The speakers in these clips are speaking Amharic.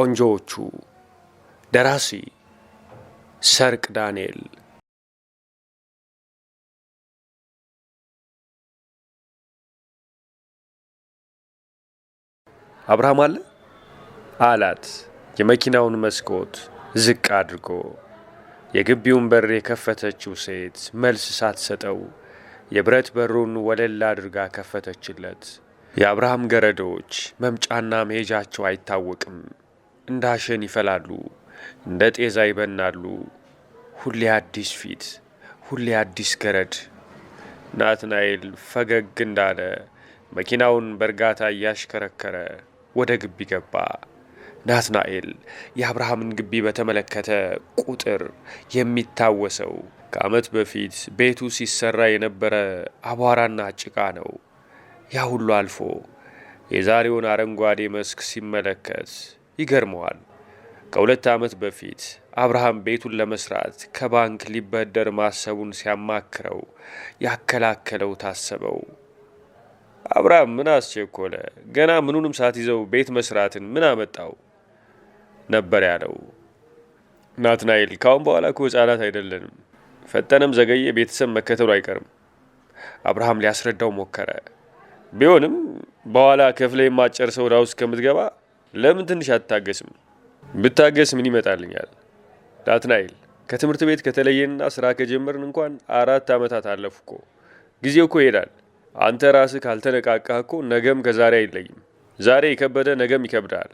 ቆንጆዎቹ ደራሲ ሰርቅ ዳንኤል አብርሃም አለ አላት የመኪናውን መስኮት ዝቅ አድርጎ የግቢውን በር የከፈተችው ሴት መልስ ሳትሰጠው የብረት በሩን ወለል አድርጋ ከፈተችለት የአብርሃም ገረዶች መምጫና መሄጃቸው አይታወቅም እንደ አሸን ይፈላሉ፣ እንደ ጤዛ ይበናሉ። ሁሌ አዲስ ፊት፣ ሁሌ አዲስ ገረድ። ናትናኤል ፈገግ እንዳለ መኪናውን በእርጋታ እያሽከረከረ ወደ ግቢ ገባ። ናትናኤል የአብርሃምን ግቢ በተመለከተ ቁጥር የሚታወሰው ከዓመት በፊት ቤቱ ሲሰራ የነበረ አቧራና ጭቃ ነው። ያ ሁሉ አልፎ የዛሬውን አረንጓዴ መስክ ሲመለከት ይገርመዋል። ከሁለት ዓመት በፊት አብርሃም ቤቱን ለመስራት ከባንክ ሊበደር ማሰቡን ሲያማክረው ያከላከለው ታሰበው። አብርሃም ምን አስቸኮለ? ገና ምኑንም ሳትይዘው ቤት መስራትን ምን አመጣው? ነበር ያለው። ናትናኤል ካሁን በኋላ እኮ ሕፃናት አይደለንም። ፈጠነም ዘገየ ቤተሰብ መከተሉ አይቀርም። አብርሃም ሊያስረዳው ሞከረ። ቢሆንም በኋላ ከፍለ የማጨርሰው ዕዳ ውስጥ ከምትገባ ለምን ትንሽ አትታገስም? ብታገስ ምን ይመጣልኛል? ናትናኤል፣ ከትምህርት ቤት ከተለየንና ስራ ከጀመርን እንኳን አራት ዓመታት አለፉ እኮ። ጊዜው እኮ ይሄዳል። አንተ ራስህ ካልተነቃቃህ እኮ ነገም ከዛሬ አይለይም። ዛሬ የከበደ ነገም ይከብዳል።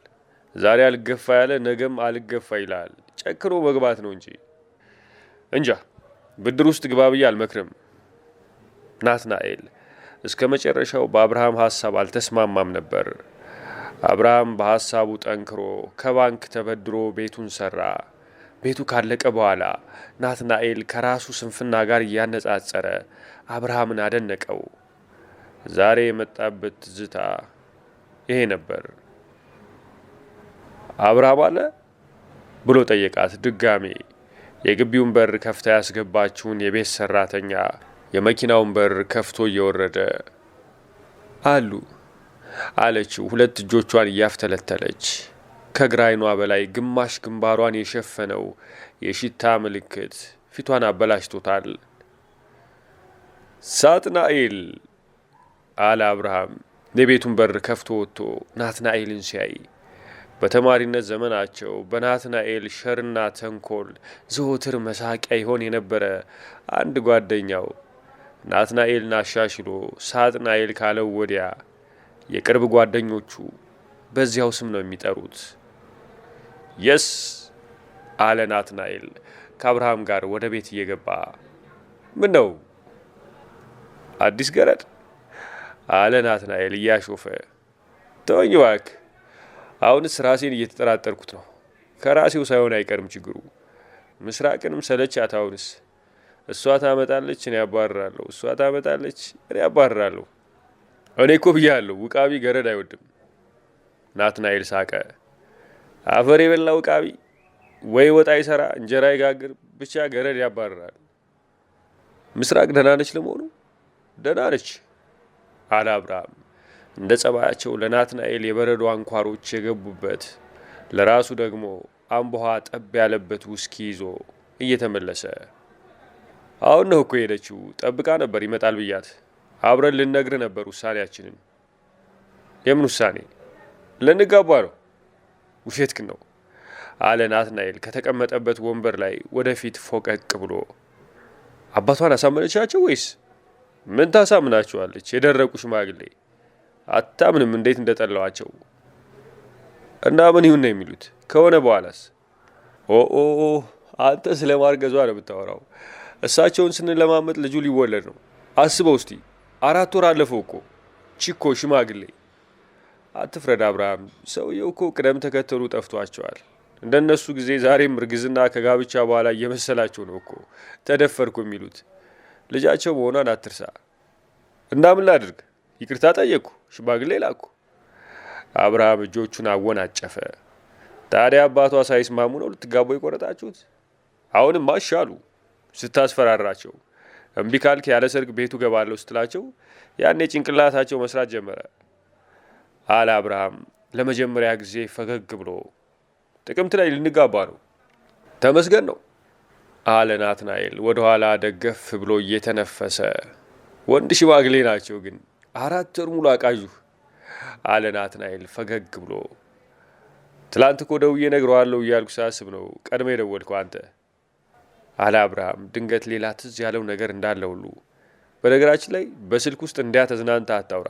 ዛሬ አልገፋ ያለ ነገም አልገፋ ይላል። ጨክሮ መግባት ነው እንጂ እንጃ። ብድር ውስጥ ግባ ብዬ አልመክርም። ናትናኤል እስከ መጨረሻው በአብርሃም ሀሳብ አልተስማማም ነበር። አብርሃም በሐሳቡ ጠንክሮ ከባንክ ተበድሮ ቤቱን ሠራ። ቤቱ ካለቀ በኋላ ናትናኤል ከራሱ ስንፍና ጋር እያነጻጸረ አብርሃምን አደነቀው። ዛሬ የመጣበት ትዝታ ይሄ ነበር አብርሃም አለ ብሎ ጠየቃት። ድጋሜ የግቢውን በር ከፍታ ያስገባችውን የቤት ሰራተኛ የመኪናውን በር ከፍቶ እየወረደ አሉ አለችው ሁለት እጆቿን እያፍተለተለች። ከግራ አይኗ በላይ ግማሽ ግንባሯን የሸፈነው የሽታ ምልክት ፊቷን አበላሽቶታል። ሳጥናኤል አለ አብርሃም የቤቱን በር ከፍቶ ወጥቶ ናትናኤልን ሲያይ በተማሪነት ዘመናቸው በናትናኤል ሸርና ተንኮል ዘወትር መሳቂያ ይሆን የነበረ አንድ ጓደኛው ናትናኤልን አሻሽሎ ሳጥናኤል ካለው ወዲያ የቅርብ ጓደኞቹ በዚያው ስም ነው የሚጠሩት። የስ አለ ናትናኤል ከአብርሃም ጋር ወደ ቤት እየገባ ምን ነው አዲስ ገረድ አለ ናትናኤል እያሾፈ ተወኝ እባክህ። አሁንስ ራሴን እየተጠራጠርኩት ነው። ከራሴው ሳይሆን አይቀርም ችግሩ። ምስራቅንም ሰለቻት። አሁንስ እሷ ታመጣለች፣ እኔ ያባርራለሁ። እሷ ታመጣለች፣ እኔ ያባርራለሁ። እኔ እኮ ብያለሁ፣ ውቃቢ ገረድ አይወድም። ናትናኤል ሳቀ። አፈር የበላ ውቃቢ ወይ ወጥ አይሰራ፣ እንጀራ ይጋግር፣ ብቻ ገረድ ያባርራል። ምስራቅ ደህና ነች ለመሆኑ? ደህና ነች አለ አብርሃም። እንደ ጸባያቸው ለናትናኤል የበረዶ አንኳሮች የገቡበት ለራሱ ደግሞ አምቦሃ ጠብ ያለበት ውስኪ ይዞ እየተመለሰ አሁን ነው እኮ የሄደችው። ጠብቃ ነበር ይመጣል ብያት አብረን ልነግር ነበር ውሳኔያችንን። የምን ውሳኔ? ልንጋባ ነው። ውሸትክ ነው አለ ናትናኤል ከተቀመጠበት ወንበር ላይ ወደፊት ፎቀቅ ብሎ። አባቷን አሳመነቻቸው ወይስ ምን? ታሳምናቸዋለች። የደረቁ ሽማግሌ አታምንም። እንዴት እንደጠላዋቸው እና ምን ይሁን ነው የሚሉት። ከሆነ በኋላስ? ኦ አንተ ስለ ማርገዟ ነው የምታወራው። እሳቸውን ስንለማመጥ ልጁ ሊወለድ ነው። አስበው እስቲ አራት ወር አለፈው እኮ ቺኮ ሽማግሌ አትፍረድ አብርሃም ሰውየው እኮ ቅደም ተከተሉ ጠፍቷቸዋል እንደነሱ ጊዜ ዛሬም እርግዝና ከጋብቻ በኋላ እየመሰላቸው ነው እኮ ተደፈርኩ የሚሉት ልጃቸው መሆኗን አትርሳ እንዳምን ላድርግ ይቅርታ ጠየቅኩ ሽማግሌ ላኩ አብርሃም እጆቹን አወናጨፈ ታዲያ አባቷ ሳይስማሙ ነው ልትጋቡ የቆረጣችሁት አሁንም አሻሉ ስታስፈራራቸው እምቢ ካልክ ያለ ሰርግ ቤቱ ገባለሁ ስትላቸው ያኔ ጭንቅላታቸው መስራት ጀመረ አለ አብርሃም ለመጀመሪያ ጊዜ ፈገግ ብሎ። ጥቅምት ላይ ልንጋባ ነው። ተመስገን ነው አለ ናትናኤል ወደኋላ ደገፍ ብሎ እየተነፈሰ። ወንድ ሽማግሌ ናቸው ግን አራት ወር ሙሉ አቃዩ አለ ናትናኤል ፈገግ ብሎ። ትላንት እኮ ደውዬ እነግረዋለሁ እያልኩ ሳስብ ነው ቀድሜ የደወልኩ አንተ አለ አብርሃም ድንገት ሌላ ትዝ ያለው ነገር እንዳለ ሁሉ። በነገራችን ላይ በስልክ ውስጥ እንዲያ ተዝናንተ አታውራ።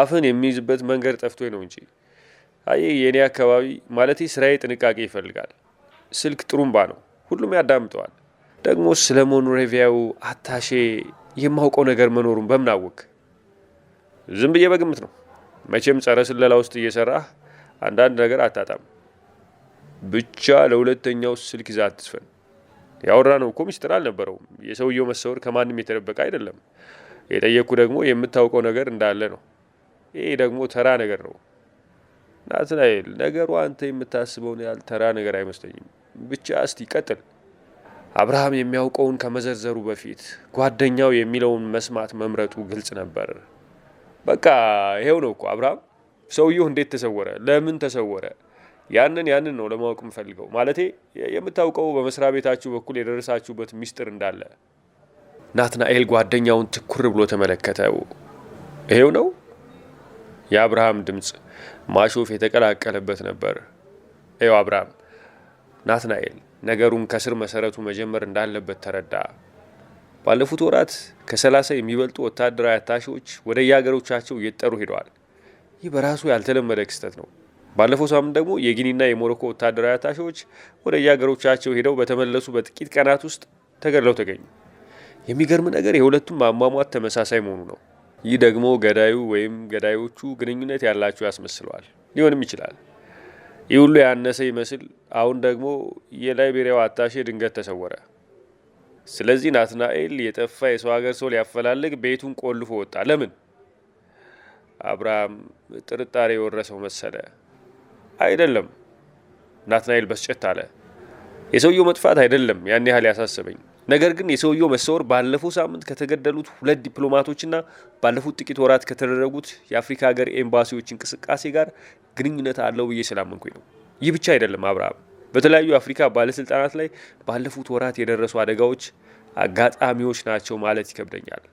አፍን የሚይዝበት መንገድ ጠፍቶ ነው እንጂ አየ የእኔ አካባቢ ማለት ስራዬ ጥንቃቄ ይፈልጋል። ስልክ ጥሩምባ ነው፣ ሁሉም ያዳምጠዋል። ደግሞ ስለ ሞንሮቪያው አታሼ የማውቀው ነገር መኖሩን በምን አወቅ? ዝም ብዬ በግምት ነው። መቼም ጸረ ስለላ ውስጥ እየሰራህ አንዳንድ ነገር አታጣም። ብቻ ለሁለተኛው ስልክ ይዛ አትስፈን። ያወራ ነው እኮ ሚስጥር አልነበረውም። የሰውየው መሰወር ከማንም የተደበቀ አይደለም። የጠየቅኩ ደግሞ የምታውቀው ነገር እንዳለ ነው። ይህ ደግሞ ተራ ነገር ነው። ናትናኤል፣ ነገሩ አንተ የምታስበውን ያህል ተራ ነገር አይመስለኝም። ብቻ እስቲ ቀጥል። አብርሃም የሚያውቀውን ከመዘርዘሩ በፊት ጓደኛው የሚለውን መስማት መምረጡ ግልጽ ነበር። በቃ ይሄው ነው እኮ አብርሃም። ሰውየው እንዴት ተሰወረ? ለምን ተሰወረ? ያንን ያንን ነው ለማወቅ የምፈልገው። ማለቴ የምታውቀው በመስሪያ ቤታችሁ በኩል የደረሳችሁበት ሚስጥር እንዳለ። ናትናኤል ጓደኛውን ትኩር ብሎ ተመለከተው። ይሄው ነው። የአብርሃም ድምፅ ማሾፍ የተቀላቀለበት ነበር። ይው አብርሃም፣ ናትናኤል ነገሩን ከስር መሰረቱ መጀመር እንዳለበት ተረዳ። ባለፉት ወራት ከሰላሳ የሚበልጡ ወታደራዊ አታሺዎች ወደ የሀገሮቻቸው እየጠሩ ሄደዋል። ይህ በራሱ ያልተለመደ ክስተት ነው። ባለፈው ሳምንት ደግሞ የጊኒና የሞሮኮ ወታደራዊ አታሼዎች ወደ የሀገሮቻቸው ሄደው በተመለሱ በጥቂት ቀናት ውስጥ ተገድለው ተገኙ። የሚገርም ነገር የሁለቱም አሟሟት ተመሳሳይ መሆኑ ነው። ይህ ደግሞ ገዳዩ ወይም ገዳዮቹ ግንኙነት ያላቸው ያስመስለዋል። ሊሆንም ይችላል። ይህ ሁሉ ያነሰ ይመስል አሁን ደግሞ የላይቤሪያው አታሼ ድንገት ተሰወረ። ስለዚህ ናትናኤል የጠፋ የሰው ሀገር ሰው ሊያፈላልግ ቤቱን ቆልፎ ወጣ። ለምን? አብርሃም ጥርጣሬ የወረሰው መሰለ። አይደለም። ናትናኤል በስጨት አለ። የሰውየው መጥፋት አይደለም ያን ያህል ያሳሰበኝ፣ ነገር ግን የሰውየው መሰወር ባለፈው ሳምንት ከተገደሉት ሁለት ዲፕሎማቶችና ባለፉት ጥቂት ወራት ከተደረጉት የአፍሪካ ሀገር ኤምባሲዎች እንቅስቃሴ ጋር ግንኙነት አለው ብዬ ስላመንኩኝ ነው። ይህ ብቻ አይደለም አብርሃም፣ በተለያዩ የአፍሪካ ባለስልጣናት ላይ ባለፉት ወራት የደረሱ አደጋዎች አጋጣሚዎች ናቸው ማለት ይከብደኛል።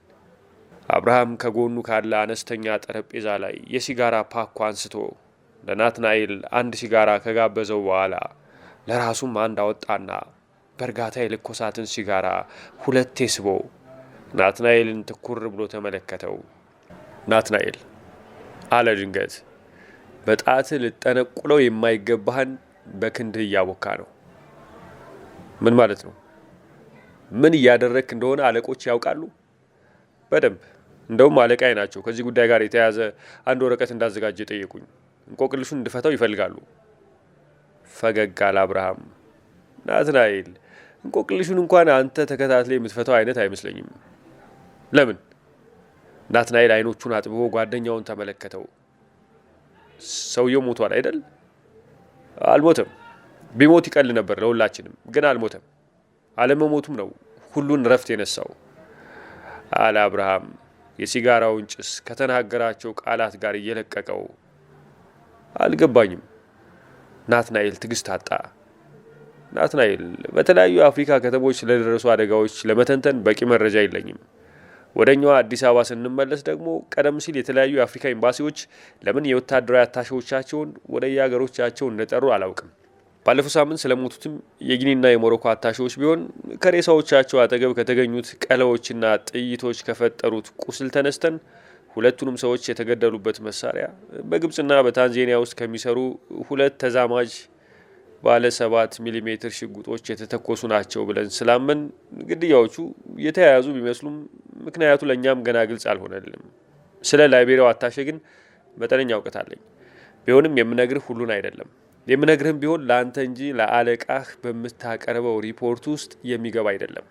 አብርሃም ከጎኑ ካለ አነስተኛ ጠረጴዛ ላይ የሲጋራ ፓኳ አንስቶ ለናትናኤል አንድ ሲጋራ ከጋበዘው በኋላ ለራሱም አንድ አወጣና በእርጋታ የልኮሳትን ሲጋራ ሁለቴ ስቦ ናትናኤልን ትኩር ብሎ ተመለከተው። ናትናኤል አለ ድንገት፣ በጣት ልጠነቁለው የማይገባህን በክንድህ እያቦካ ነው። ምን ማለት ነው? ምን እያደረግክ እንደሆነ አለቆች ያውቃሉ በደንብ። እንደውም አለቃይ ናቸው። ከዚህ ጉዳይ ጋር የተያያዘ አንድ ወረቀት እንዳዘጋጀ ጠየቁኝ። እንቆቅልሹን እንድፈታው ይፈልጋሉ። ፈገግ አለ አብርሃም። ናትናኤል እንቆቅልሹን እንኳን አንተ ተከታትለ የምትፈታው አይነት አይመስለኝም። ለምን? ናትናኤል አይኖቹን አጥብቦ ጓደኛውን ተመለከተው። ሰውየው ሞቷል አይደል? አልሞተም። ቢሞት ይቀል ነበር ለሁላችንም፣ ግን አልሞተም። አለመሞቱም ነው ሁሉን ረፍት የነሳው አለ አብርሃም የሲጋራውን ጭስ ከተናገራቸው ቃላት ጋር እየለቀቀው አልገባኝም። ናትናኤል ትግስት አጣ። ናትናኤል በተለያዩ የአፍሪካ ከተሞች ስለደረሱ አደጋዎች ለመተንተን በቂ መረጃ የለኝም። ወደኛዋ አዲስ አበባ ስንመለስ ደግሞ ቀደም ሲል የተለያዩ የአፍሪካ ኤምባሲዎች ለምን የወታደራዊ አታሼዎቻቸውን ወደ የአገሮቻቸው እንደጠሩ አላውቅም። ባለፈው ሳምንት ስለሞቱትም የጊኒና የሞሮኮ አታሼዎች ቢሆን ከሬሳዎቻቸው አጠገብ ከተገኙት ቀለዎችና ጥይቶች ከፈጠሩት ቁስል ተነስተን ሁለቱንም ሰዎች የተገደሉበት መሳሪያ በግብጽና በታንዜኒያ ውስጥ ከሚሰሩ ሁለት ተዛማጅ ባለ ሰባት ሚሊ ሜትር ሽጉጦች የተተኮሱ ናቸው ብለን ስላመን ግድያዎቹ የተያያዙ ቢመስሉም ምክንያቱ ለእኛም ገና ግልጽ አልሆነልም። ስለ ላይቤሪያው አታሼ ግን መጠነኛ እውቀት አለኝ። ቢሆንም የምነግርህ ሁሉን አይደለም። የምነግርህም ቢሆን ለአንተ እንጂ ለአለቃህ በምታቀርበው ሪፖርት ውስጥ የሚገባ አይደለም።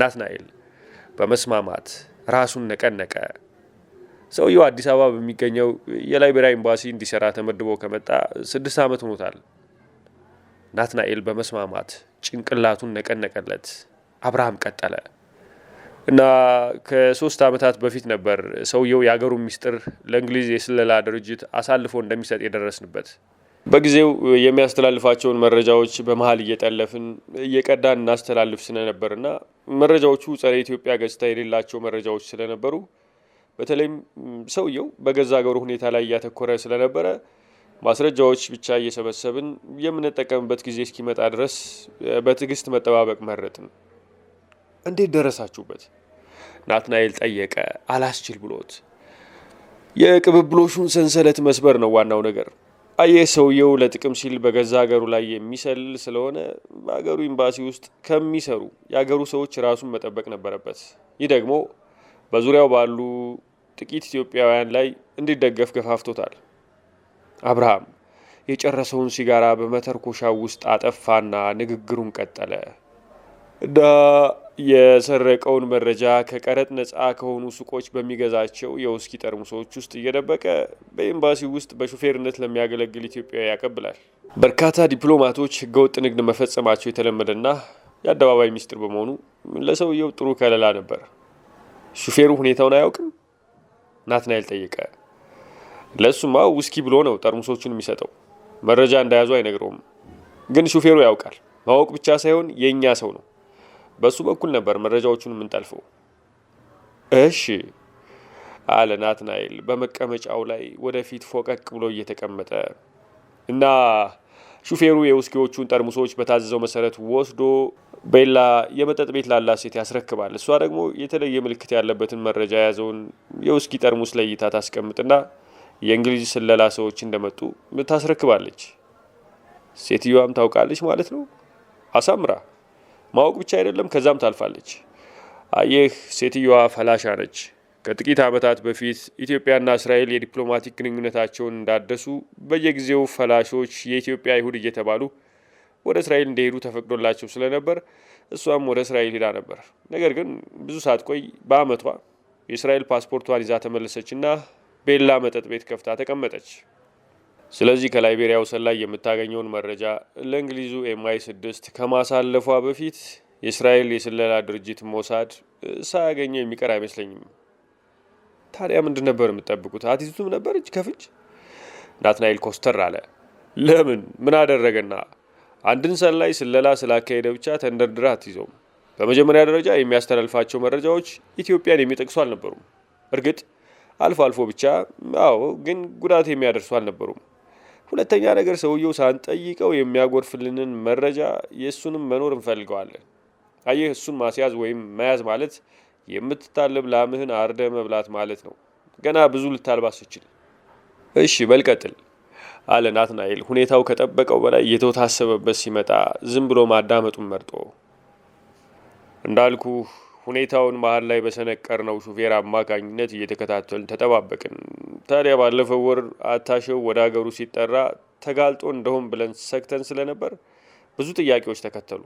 ናትናኤል በመስማማት ራሱን ነቀነቀ። ሰውየው አዲስ አበባ በሚገኘው የላይቤሪያ ኤምባሲ እንዲሰራ ተመድቦ ከመጣ ስድስት ዓመት ሆኖታል። ናትናኤል በመስማማት ጭንቅላቱን ነቀነቀለት። አብርሃም ቀጠለ እና ከሶስት ዓመታት በፊት ነበር ሰውየው የአገሩ ሚስጥር ለእንግሊዝ የስለላ ድርጅት አሳልፎ እንደሚሰጥ የደረስንበት። በጊዜው የሚያስተላልፋቸውን መረጃዎች በመሀል እየጠለፍን እየቀዳን እናስተላልፍ ስለነበርና መረጃዎቹ ጸረ ኢትዮጵያ ገጽታ የሌላቸው መረጃዎች ስለነበሩ በተለይም ሰውየው በገዛ አገሩ ሁኔታ ላይ እያተኮረ ስለነበረ ማስረጃዎች ብቻ እየሰበሰብን የምንጠቀምበት ጊዜ እስኪመጣ ድረስ በትዕግስት መጠባበቅ መረጥን። እንዴት ደረሳችሁበት? ናትናኤል ጠየቀ፣ አላስችል ብሎት። የቅብብሎሹን ሰንሰለት መስበር ነው ዋናው ነገር። አየህ ሰውየው ለጥቅም ሲል በገዛ ሀገሩ ላይ የሚሰልል ስለሆነ በሀገሩ ኤምባሲ ውስጥ ከሚሰሩ የሀገሩ ሰዎች ራሱን መጠበቅ ነበረበት። ይህ ደግሞ በዙሪያው ባሉ ጥቂት ኢትዮጵያውያን ላይ እንዲደገፍ ገፋፍቶታል። አብርሃም የጨረሰውን ሲጋራ በመተርኮሻው ውስጥ አጠፋና ንግግሩን ቀጠለ። እዳ የሰረቀውን መረጃ ከቀረጥ ነጻ ከሆኑ ሱቆች በሚገዛቸው የውስኪ ጠርሙሶች ውስጥ እየደበቀ በኤምባሲ ውስጥ በሹፌርነት ለሚያገለግል ኢትዮጵያ ያቀብላል። በርካታ ዲፕሎማቶች ህገወጥ ንግድ መፈጸማቸው የተለመደና የአደባባይ ሚስጥር በመሆኑ ለሰውየው ጥሩ ከለላ ነበር። ሹፌሩ ሁኔታውን አያውቅም? ናትናኤል ጠየቀ። ለእሱማ ውስኪ ብሎ ነው ጠርሙሶቹን የሚሰጠው። መረጃ እንዳያዙ አይነግረውም። ግን ሹፌሩ ያውቃል። ማወቅ ብቻ ሳይሆን የእኛ ሰው ነው። በሱ በኩል ነበር መረጃዎቹን የምንጠልፈው። እሺ አለ ናትናኤል በመቀመጫው ላይ ወደፊት ፎቀቅ ብሎ እየተቀመጠ እና ሹፌሩ የውስኪዎቹን ጠርሙሶች በታዘዘው መሰረት ወስዶ ቤላ የመጠጥ ቤት ላላት ሴት ያስረክባል። እሷ ደግሞ የተለየ ምልክት ያለበትን መረጃ የያዘውን የውስኪ ጠርሙስ ለይታ ታስቀምጥና የእንግሊዝ ስለላ ሰዎች እንደመጡ ታስረክባለች። ሴትዮዋም ታውቃለች ማለት ነው አሳምራ ማወቅ ብቻ አይደለም፣ ከዛም ታልፋለች። አየህ፣ ሴትዮዋ ፈላሻ ነች። ከጥቂት ዓመታት በፊት ኢትዮጵያና እስራኤል የዲፕሎማቲክ ግንኙነታቸውን እንዳደሱ በየጊዜው ፈላሾች የኢትዮጵያ አይሁድ እየተባሉ ወደ እስራኤል እንዲሄዱ ተፈቅዶላቸው ስለነበር እሷም ወደ እስራኤል ሄዳ ነበር። ነገር ግን ብዙ ሳትቆይ በአመቷ የእስራኤል ፓስፖርቷን ይዛ ተመለሰችና ቤላ መጠጥ ቤት ከፍታ ተቀመጠች። ስለዚህ ከላይቤሪያ ሰላይ ላይ የምታገኘውን መረጃ ለእንግሊዙ ኤምአይ ስድስት ከማሳለፏ በፊት የእስራኤል የስለላ ድርጅት ሞሳድ ሳያገኘው የሚቀር አይመስለኝም። ታዲያ ምንድን ነበር የምጠብቁት? አቲቱቱም ነበር እጅ ከፍጅ ናትናኤል ኮስተር አለ። ለምን? ምን አደረገና? አንድን ሰላይ ስለላ ስላካሄደ ብቻ ተንደርድረ አትይዘውም። በመጀመሪያ ደረጃ የሚያስተላልፋቸው መረጃዎች ኢትዮጵያን የሚጠቅሱ አልነበሩም። እርግጥ አልፎ አልፎ ብቻ፣ አዎ፣ ግን ጉዳት የሚያደርሱ አልነበሩም። ሁለተኛ ነገር ሰውየው ሳንጠይቀው የሚያጎርፍልንን መረጃ የእሱንም መኖር እንፈልገዋለን። አየህ፣ እሱን ማስያዝ ወይም መያዝ ማለት የምትታለብ ላምህን አርደ መብላት ማለት ነው። ገና ብዙ ልታልባስ ይችል። እሺ በልቀጥል አለ ናትናኤል። ሁኔታው ከጠበቀው በላይ እየተወታሰበበት ሲመጣ ዝም ብሎ ማዳመጡን መርጦ እንዳልኩ ሁኔታውን መሀል ላይ በሰነቀርነው ሹፌር አማካኝነት እየተከታተልን ተጠባበቅን። ታዲያ ባለፈው ወር አታሸው ወደ ሀገሩ ሲጠራ ተጋልጦ እንደሆን ብለን ሰግተን ስለነበር ብዙ ጥያቄዎች ተከተሉ።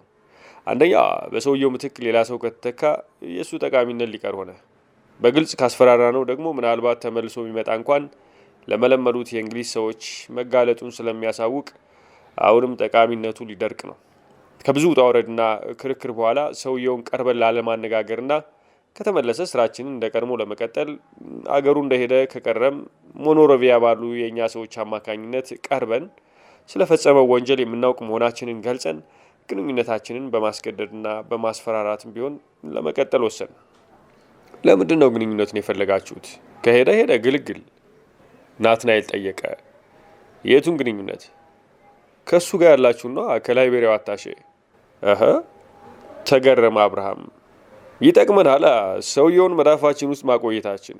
አንደኛ በሰውየው ምትክ ሌላ ሰው ከተተካ የእሱ ጠቃሚነት ሊቀር ሆነ። በግልጽ ካስፈራራ ነው ደግሞ ምናልባት ተመልሶ ቢመጣ እንኳን ለመለመሉት የእንግሊዝ ሰዎች መጋለጡን ስለሚያሳውቅ አሁንም ጠቃሚነቱ ሊደርቅ ነው። ከብዙ ውጣ ውረድና ክርክር በኋላ ሰውየውን ቀርበን ላለማነጋገርና ከተመለሰ ስራችንን እንደ ቀድሞ ለመቀጠል አገሩ እንደሄደ ከቀረም ሞኖሮቪያ ባሉ የእኛ ሰዎች አማካኝነት ቀርበን ስለፈጸመው ወንጀል የምናውቅ መሆናችንን ገልጸን ግንኙነታችንን በማስገደድና በማስፈራራትም ቢሆን ለመቀጠል ወሰን። ለምንድን ነው ግንኙነቱን የፈለጋችሁት? ከሄደ ሄደ ግልግል። ናትናኤል ጠየቀ። የቱን ግንኙነት? ከእሱ ጋር ነ ከላይቤሪያው አታሼ ተገረመ አብርሃም። ይጠቅመናል ሰውየውን መዳፋችን ውስጥ ማቆየታችን።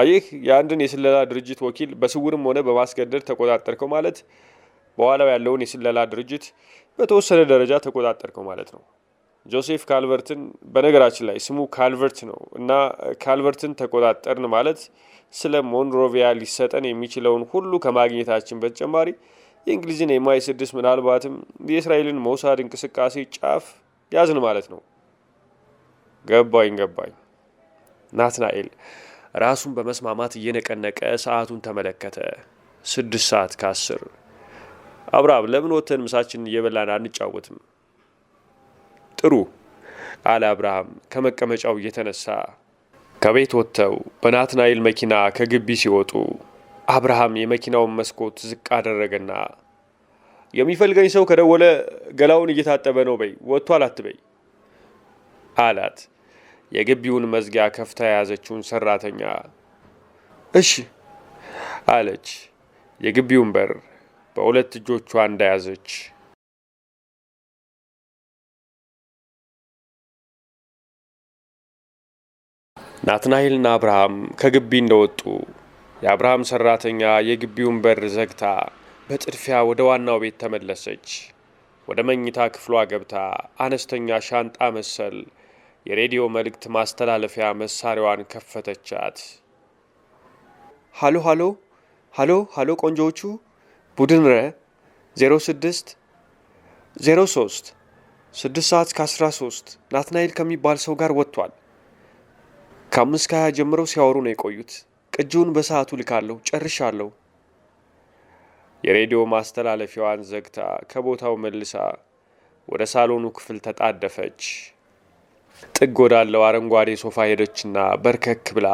አየህ የአንድን የስለላ ድርጅት ወኪል በስውርም ሆነ በማስገደድ ተቆጣጠርከው ማለት በኋላው ያለውን የስለላ ድርጅት በተወሰነ ደረጃ ተቆጣጠርከው ማለት ነው። ጆሴፍ ካልቨርትን በነገራችን ላይ ስሙ ካልቨርት ነው እና ካልቨርትን ተቆጣጠርን ማለት ስለ ሞንሮቪያ ሊሰጠን የሚችለውን ሁሉ ከማግኘታችን በተጨማሪ የእንግሊዝን የማይ ስድስት ምናልባትም የእስራኤልን መውሳድ እንቅስቃሴ ጫፍ ያዝን ማለት ነው። ገባኝ ገባኝ። ናትናኤል ራሱን በመስማማት እየነቀነቀ ሰዓቱን ተመለከተ። ስድስት ሰዓት ከአስር አብርሃም ለምን ወተን ምሳችን እየበላን አንጫወትም? ጥሩ አለ አብርሃም ከመቀመጫው እየተነሳ ከቤት ወጥተው በናትናኤል መኪና ከግቢ ሲወጡ አብርሃም የመኪናውን መስኮት ዝቅ አደረገና የሚፈልገኝ ሰው ከደወለ ገላውን እየታጠበ ነው በይ፣ ወጥቷል አትበይ አላት። የግቢውን መዝጊያ ከፍታ የያዘችውን ሰራተኛ እሺ አለች። የግቢውን በር በሁለት እጆቿ እንደያዘች ናትናኤልና አብርሃም ከግቢ እንደወጡ የአብርሃም ሠራተኛ የግቢውን በር ዘግታ በጥድፊያ ወደ ዋናው ቤት ተመለሰች። ወደ መኝታ ክፍሏ ገብታ አነስተኛ ሻንጣ መሰል የሬዲዮ መልእክት ማስተላለፊያ መሳሪያዋን ከፈተቻት። ሃሎ ሃሎ ሃሎ ሃሎ ቆንጆዎቹ ቡድን ረ 06 03 6 ሰዓት ከ13 ናትናኤል ከሚባል ሰው ጋር ወጥቷል። ከአምስት ከሀያ ጀምረው ሲያወሩ ነው የቆዩት። ቅጂውን በሰዓቱ ልካለሁ። ጨርሻለሁ። የሬዲዮ ማስተላለፊያዋን ዘግታ ከቦታው መልሳ ወደ ሳሎኑ ክፍል ተጣደፈች። ጥግ ወዳለው አረንጓዴ ሶፋ ሄደችና በርከክ ብላ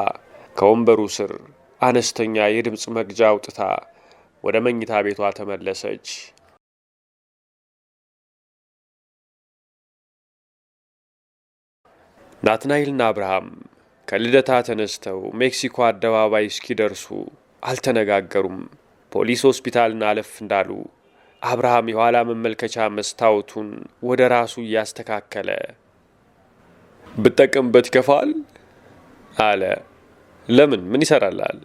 ከወንበሩ ስር አነስተኛ የድምፅ መግጃ አውጥታ ወደ መኝታ ቤቷ ተመለሰች። ናትናኤልና አብርሃም ከልደታ ተነስተው ሜክሲኮ አደባባይ እስኪደርሱ አልተነጋገሩም። ፖሊስ ሆስፒታልን አለፍ እንዳሉ አብርሃም የኋላ መመልከቻ መስታወቱን ወደ ራሱ እያስተካከለ ብጠቀምበት ይከፋል አለ። ለምን ምን ይሰራላል?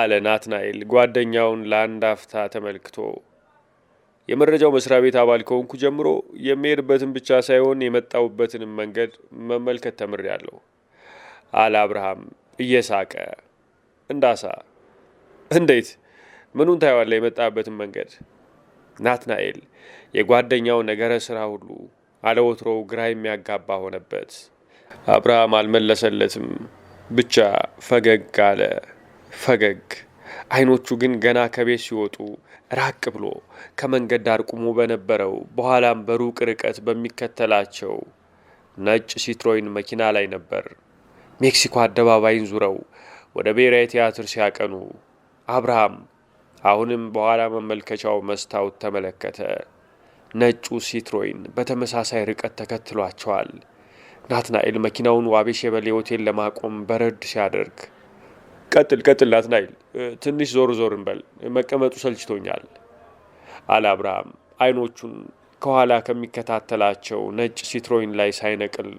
አለ ናትናኤል ጓደኛውን ለአንድ አፍታ ተመልክቶ። የመረጃው መስሪያ ቤት አባል ከሆንኩ ጀምሮ የሚሄድበትን ብቻ ሳይሆን የመጣውበትንም መንገድ መመልከት ተምሬያለሁ። አለ አብርሃም እየሳቀ እንዳሳ። እንዴት ምኑን ታየዋለ? የመጣበትን መንገድ ናትናኤል የጓደኛው ነገረ ስራ ሁሉ አለወትሮው ግራ የሚያጋባ ሆነበት። አብርሃም አልመለሰለትም፣ ብቻ ፈገግ አለ። ፈገግ አይኖቹ ግን ገና ከቤት ሲወጡ ራቅ ብሎ ከመንገድ ዳር ቁሞ በነበረው በኋላም በሩቅ ርቀት በሚከተላቸው ነጭ ሲትሮይን መኪና ላይ ነበር። ሜክሲኮ አደባባይን ዙረው ወደ ብሔራዊ ቲያትር ሲያቀኑ አብርሃም አሁንም በኋላ መመልከቻው መስታወት ተመለከተ። ነጩ ሲትሮይን በተመሳሳይ ርቀት ተከትሏቸዋል። ናትናኤል መኪናውን ዋቤ ሸበሌ ሆቴል ለማቆም በረድ ሲያደርግ፣ ቀጥል ቀጥል ናትናኤል፣ ትንሽ ዞር ዞር እንበል፣ መቀመጡ ሰልችቶኛል አለ አብርሃም አይኖቹን ከኋላ ከሚከታተላቸው ነጭ ሲትሮይን ላይ ሳይነቅል።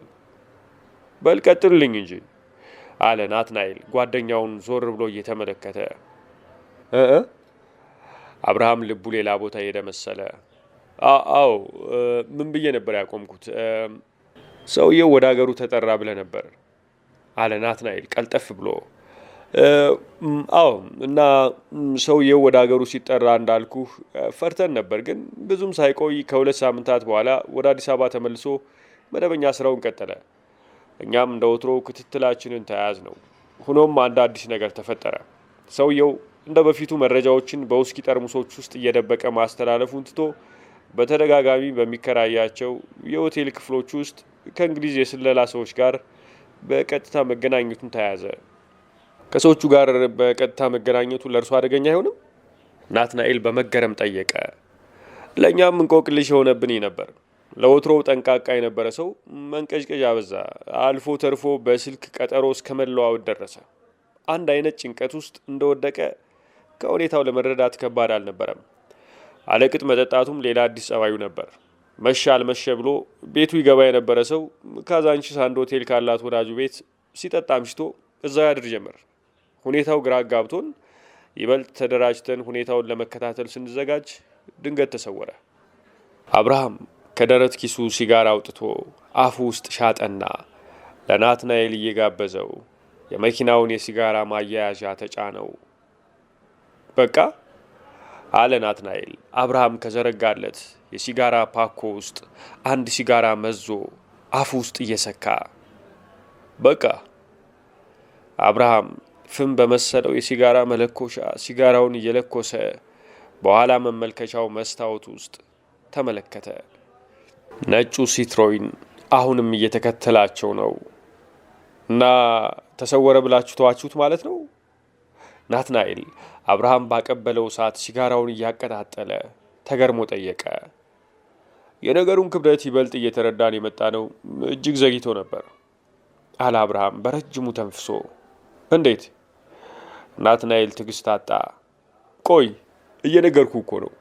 በል ቀጥልልኝ እንጂ አለ ናትናኤል ጓደኛውን ዞር ብሎ እየተመለከተ። አብርሃም ልቡ ሌላ ቦታ ሄደ መሰለ። አዎ ምን ብዬ ነበር ያቆምኩት? ሰውየው ወደ አገሩ ተጠራ ብለ ነበር አለ ናትናኤል ቀልጠፍ ብሎ። አዎ እና ሰውየው ወደ ሀገሩ ሲጠራ እንዳልኩህ ፈርተን ነበር፣ ግን ብዙም ሳይቆይ ከሁለት ሳምንታት በኋላ ወደ አዲስ አበባ ተመልሶ መደበኛ ስራውን ቀጠለ። እኛም እንደ ወትሮ ክትትላችንን ተያያዝ ነው። ሆኖም አንድ አዲስ ነገር ተፈጠረ። ሰውየው እንደ በፊቱ መረጃዎችን በውስኪ ጠርሙሶች ውስጥ እየደበቀ ማስተላለፉን ትቶ በተደጋጋሚ በሚከራያቸው የሆቴል ክፍሎች ውስጥ ከእንግሊዝ የስለላ ሰዎች ጋር በቀጥታ መገናኘቱን ተያያዘ። ከሰዎቹ ጋር በቀጥታ መገናኘቱ ለእርሱ አደገኛ አይሆንም? ናትናኤል በመገረም ጠየቀ። ለእኛም እንቆቅልሽ የሆነብን ነበር። ለወትሮው ጠንቃቃ የነበረ ሰው መንቀዥቀዥ አበዛ። አልፎ ተርፎ በስልክ ቀጠሮ እስከ መለዋወጥ ደረሰ። አንድ አይነት ጭንቀት ውስጥ እንደወደቀ ከሁኔታው ለመረዳት ከባድ አልነበረም። አለቅጥ መጠጣቱም ሌላ አዲስ ጸባዩ ነበር። መሻ አልመሸ ብሎ ቤቱ ይገባ የነበረ ሰው ካዛንቺስ አንድ ሆቴል ካላት ወዳጁ ቤት ሲጠጣ አምሽቶ እዛው ያድር ጀመር። ሁኔታው ግራ ጋብቶን ይበልጥ ተደራጅተን ሁኔታውን ለመከታተል ስንዘጋጅ ድንገት ተሰወረ አብርሃም ከደረት ኪሱ ሲጋር አውጥቶ አፉ ውስጥ ሻጠና ለናትናኤል እየጋበዘው የመኪናውን የሲጋራ ማያያዣ ተጫነው። በቃ አለ ናትናኤል። አብርሃም ከዘረጋለት የሲጋራ ፓኮ ውስጥ አንድ ሲጋራ መዞ አፉ ውስጥ እየሰካ በቃ አብርሃም ፍም በመሰለው የሲጋራ መለኮሻ ሲጋራውን እየለኮሰ በኋላ መመልከቻው መስታወት ውስጥ ተመለከተ። ነጩ ሲትሮይን አሁንም እየተከተላቸው ነው እና ተሰወረ ብላችሁ ተዋችሁት ማለት ነው። ናትናኤል አብርሃም ባቀበለው ሰዓት ሲጋራውን እያቀጣጠለ ተገርሞ ጠየቀ። የነገሩን ክብደት ይበልጥ እየተረዳን የመጣ ነው። እጅግ ዘግይቶ ነበር አለ አብርሃም በረጅሙ ተንፍሶ። እንዴት? ናትናኤል ትዕግስት አጣ። ቆይ እየነገርኩ እኮ ነው።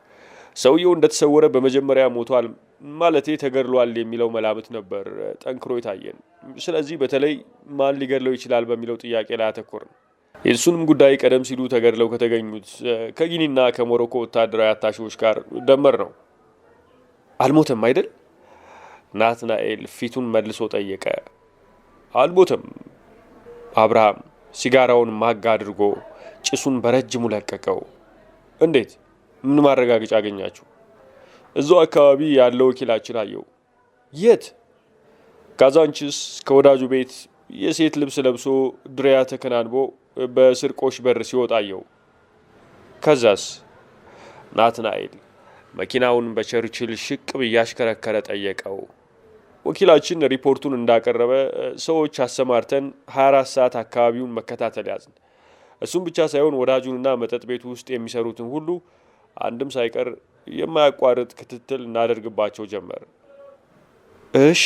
ሰውየው እንደተሰወረ በመጀመሪያ ሞቷል ማለት ተገድሏል የሚለው መላምት ነበር ጠንክሮ የታየን። ስለዚህ በተለይ ማን ሊገድለው ይችላል በሚለው ጥያቄ ላይ አተኮርን። የእሱንም ጉዳይ ቀደም ሲሉ ተገድለው ከተገኙት ከጊኒና ከሞሮኮ ወታደራዊ አታሺዎች ጋር ደመር ነው። አልሞተም አይደል? ናትናኤል ፊቱን መልሶ ጠየቀ። አልሞተም። አብርሃም ሲጋራውን ማጋ አድርጎ ጭሱን በረጅሙ ለቀቀው። እንዴት? ምን ማረጋገጫ አገኛችሁ? እዛው አካባቢ ያለ ወኪላችን አየው። የት? ካዛንችስ ከወዳጁ ቤት የሴት ልብስ ለብሶ ድሪያ ተከናንቦ በስርቆሽ በር ሲወጣ አየው። ከዛስ? ናትናኤል መኪናውን በቸርችል ሽቅ እያሽከረከረ ጠየቀው። ወኪላችን ሪፖርቱን እንዳቀረበ ሰዎች አሰማርተን 24 ሰዓት አካባቢውን መከታተል ያዝን። እሱም ብቻ ሳይሆን ወዳጁንና መጠጥ ቤቱ ውስጥ የሚሰሩትን ሁሉ አንድም ሳይቀር የማያቋርጥ ክትትል እናደርግባቸው ጀመር። እሺ፣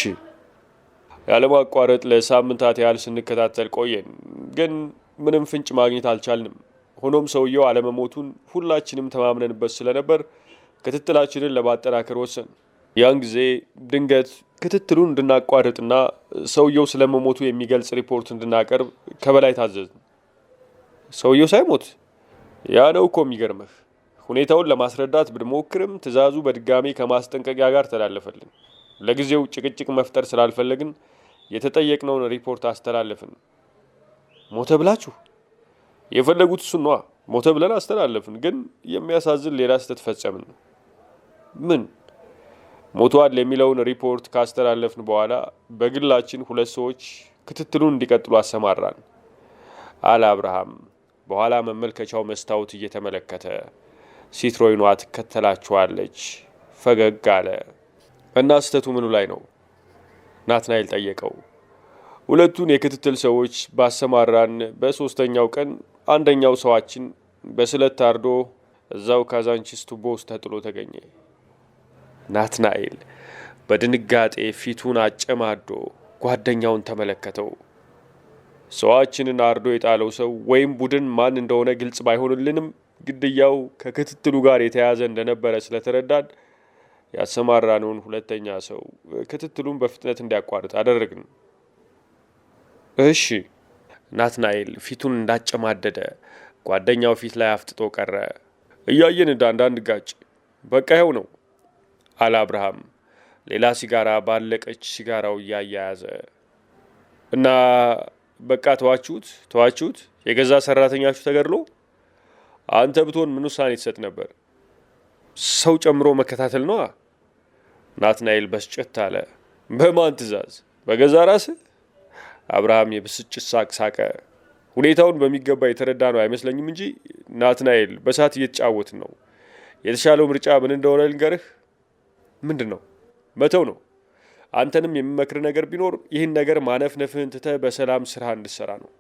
ያለማቋረጥ ለሳምንታት ያህል ስንከታተል ቆየን፣ ግን ምንም ፍንጭ ማግኘት አልቻልንም። ሆኖም ሰውየው አለመሞቱን ሁላችንም ተማምነንበት ስለነበር ክትትላችንን ለማጠናከር ወሰን። ያን ጊዜ ድንገት ክትትሉን እንድናቋርጥና ሰውየው ስለመሞቱ የሚገልጽ ሪፖርት እንድናቀርብ ከበላይ ታዘዝን። ሰውየው ሳይሞት ያ ነው እኮ የሚገርምህ ሁኔታውን ለማስረዳት ብንሞክርም ትዕዛዙ በድጋሚ ከማስጠንቀቂያ ጋር ተላለፈልን። ለጊዜው ጭቅጭቅ መፍጠር ስላልፈለግን የተጠየቅነውን ሪፖርት አስተላለፍን። ሞተ ብላችሁ የፈለጉት እሱን ሞተ ብለን አስተላለፍን፣ ግን የሚያሳዝን ሌላ ስህተት ፈጸምን። ምን ሞቷል የሚለውን ሪፖርት ካስተላለፍን በኋላ በግላችን ሁለት ሰዎች ክትትሉን እንዲቀጥሉ አሰማራን አለ አብርሃም በኋላ መመልከቻው መስታወት እየተመለከተ ሲትሮይኗ ትከተላችኋለች። ፈገግ አለ። እና ስህተቱ ምኑ ላይ ነው? ናትናኤል ጠየቀው። ሁለቱን የክትትል ሰዎች ባሰማራን በሦስተኛው ቀን አንደኛው ሰዋችን በስለት ታርዶ እዛው ካዛንቺስ ቱቦ ውስጥ ተጥሎ ተገኘ። ናትናኤል በድንጋጤ ፊቱን አጨማዶ ጓደኛውን ተመለከተው። ሰዋችንን አርዶ የጣለው ሰው ወይም ቡድን ማን እንደሆነ ግልጽ ባይሆንልንም ግድያው ከክትትሉ ጋር የተያያዘ እንደነበረ ስለተረዳን ያሰማራነውን ሁለተኛ ሰው ክትትሉን በፍጥነት እንዲያቋርጥ አደረግን። እሺ። ናትናኤል ፊቱን እንዳጨማደደ ጓደኛው ፊት ላይ አፍጥጦ ቀረ። እያየን አንዳንድ ጋጭ በቃ ይኸው ነው አለ አብርሃም ሌላ ሲጋራ ባለቀች ሲጋራው እያያያዘ እና በቃ ተዋችሁት ተዋችሁት የገዛ ሰራተኛችሁ ተገድሎ አንተ ብትሆን ምን ውሳኔ ትሰጥ ነበር? ሰው ጨምሮ መከታተል ነዋ። ናትናኤል በስጭት አለ። በማን ትእዛዝ? በገዛ ራስህ። አብርሃም የብስጭት ሳቅ ሳቀ። ሁኔታውን በሚገባ የተረዳ ነው አይመስለኝም እንጂ ናትናኤል፣ በሳት እየተጫወትን ነው። የተሻለው ምርጫ ምን እንደሆነ ልንገርህ። ምንድን ነው? መተው ነው። አንተንም የሚመክር ነገር ቢኖር ይህን ነገር ማነፍነፍህን ትተህ በሰላም ስራ እንድሰራ ነው።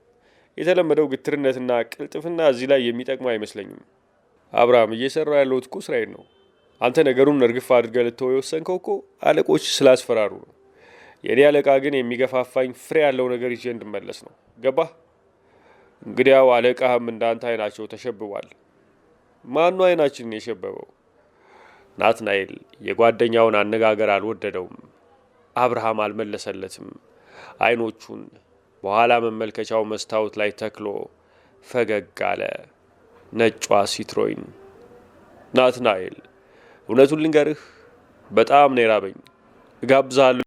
የተለመደው ግትርነትና ቅልጥፍና እዚህ ላይ የሚጠቅም አይመስለኝም። አብርሃም እየሰራ ያለው እኮ ስራዬን ነው። አንተ ነገሩን እርግፍ አድርገህ ልተው የወሰንከው እኮ አለቆች ስላስፈራሩ ነው። የእኔ አለቃ ግን የሚገፋፋኝ ፍሬ ያለው ነገር ይዤ እንድመለስ ነው። ገባህ? እንግዲያው አለቃህም እንዳንተ አይናቸው ተሸብቧል። ማኑ አይናችንን የሸበበው? ናትናኤል የጓደኛውን አነጋገር አልወደደውም። አብርሃም አልመለሰለትም። አይኖቹን በኋላ መመልከቻው መስታወት ላይ ተክሎ ፈገግ አለ። ነጯ ሲትሮይን ናትናኤል፣ እውነቱን ልንገርህ በጣም ነው የራበኝ። እጋብዛለሁ።